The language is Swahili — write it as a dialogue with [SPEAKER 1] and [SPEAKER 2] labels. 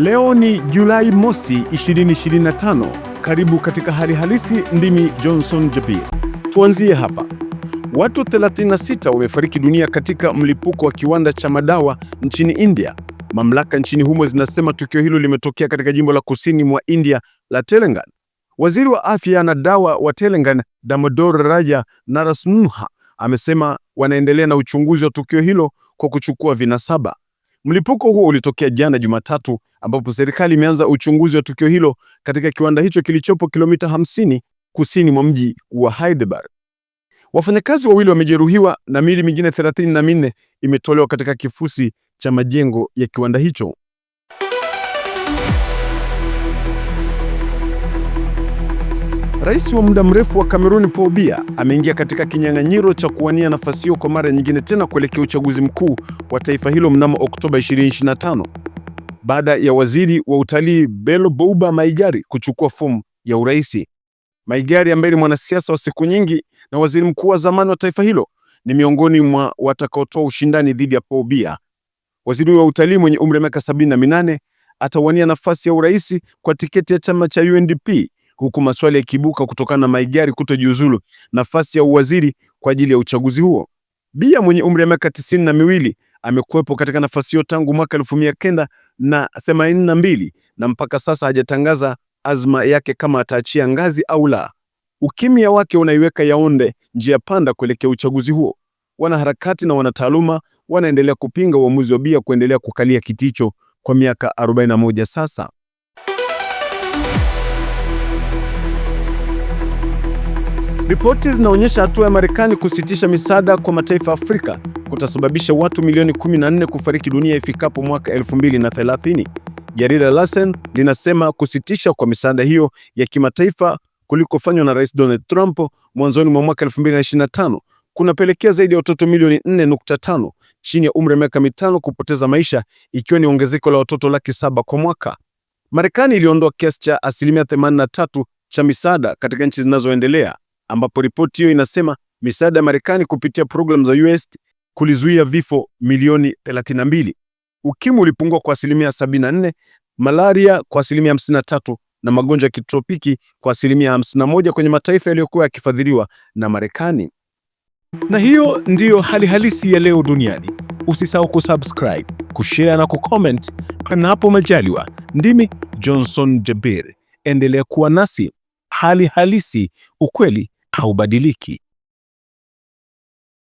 [SPEAKER 1] Leo ni Julai mosi 2025. Karibu katika hali halisi, ndimi Johnson Japia. Tuanzie hapa. Watu 36 wamefariki dunia katika mlipuko wa kiwanda cha madawa nchini India. Mamlaka nchini humo zinasema tukio hilo limetokea katika jimbo la kusini mwa India la Telangana. Waziri wa afya na dawa wa Telangana, Damodar Raja Narasimha, amesema wanaendelea na uchunguzi wa tukio hilo kwa kuchukua vinasaba. Mlipuko huo ulitokea jana Jumatatu, ambapo serikali imeanza uchunguzi wa tukio hilo katika kiwanda hicho kilichopo kilomita 50 kusini mwa mji wa Hyderabad. Wafanyakazi wawili wamejeruhiwa na miili mingine 34 imetolewa katika kifusi cha majengo ya kiwanda hicho. Rais wa muda mrefu wa Kamerun Paul Biya ameingia katika kinyang'anyiro cha kuwania nafasi hiyo kwa mara nyingine tena kuelekea uchaguzi mkuu wa taifa hilo mnamo Oktoba 2025 baada ya waziri wa utalii Bello Bouba Maigari kuchukua fomu ya uraisi. Maigari ambaye ni mwanasiasa wa siku nyingi na waziri mkuu wa zamani wa taifa hilo ni miongoni mwa watakaotoa ushindani dhidi ya Paul Biya. Waziri wa utalii mwenye umri wa miaka 78 atawania nafasi ya uraisi kwa tiketi ya chama cha UNDP huku maswali yakibuka kutokana na Maigari kutojiuzulu nafasi ya uwaziri kwa ajili ya uchaguzi huo. Biya mwenye umri wa miaka tisini na miwili amekuwepo katika nafasi hiyo tangu mwaka elfu mia kenda na themanini na mbili na mpaka sasa hajatangaza azma yake kama ataachia ngazi au la. Ukimya wake unaiweka Yaonde njia panda kuelekea uchaguzi huo. Wanaharakati na wanataaluma wanaendelea kupinga uamuzi wa Biya kuendelea kukalia kiti hicho kwa miaka 41 sasa. Ripoti zinaonyesha hatua ya Marekani kusitisha misaada kwa mataifa Afrika kutasababisha watu milioni 14 kufariki dunia ifikapo mwaka 2030. Jarida lassen linasema kusitisha kwa misaada hiyo ya kimataifa kulikofanywa na Rais Donald Trump mwanzoni mwa mwaka 2025 kunapelekea zaidi ya watoto milioni 4.5 chini ya umri wa miaka mitano kupoteza maisha ikiwa ni ongezeko la watoto laki saba kwa mwaka. Marekani iliondoa kiasi cha asilimia 83 cha misaada katika nchi zinazoendelea ambapo ripoti hiyo inasema misaada ya Marekani kupitia programu za us kulizuia vifo milioni 32. Ukimwi ulipungua kwa asilimia 74, malaria kwa asilimia 53 na magonjwa ya kitropiki kwa asilimia 51 kwenye mataifa yaliyokuwa yakifadhiliwa na Marekani.
[SPEAKER 2] Na hiyo ndiyo hali halisi ya leo duniani. Usisahau kusubscribe, kushare na kucomment panapo majaliwa. Ndimi Johnson Jabir, endelea kuwa nasi. Hali halisi, ukweli haubadiliki.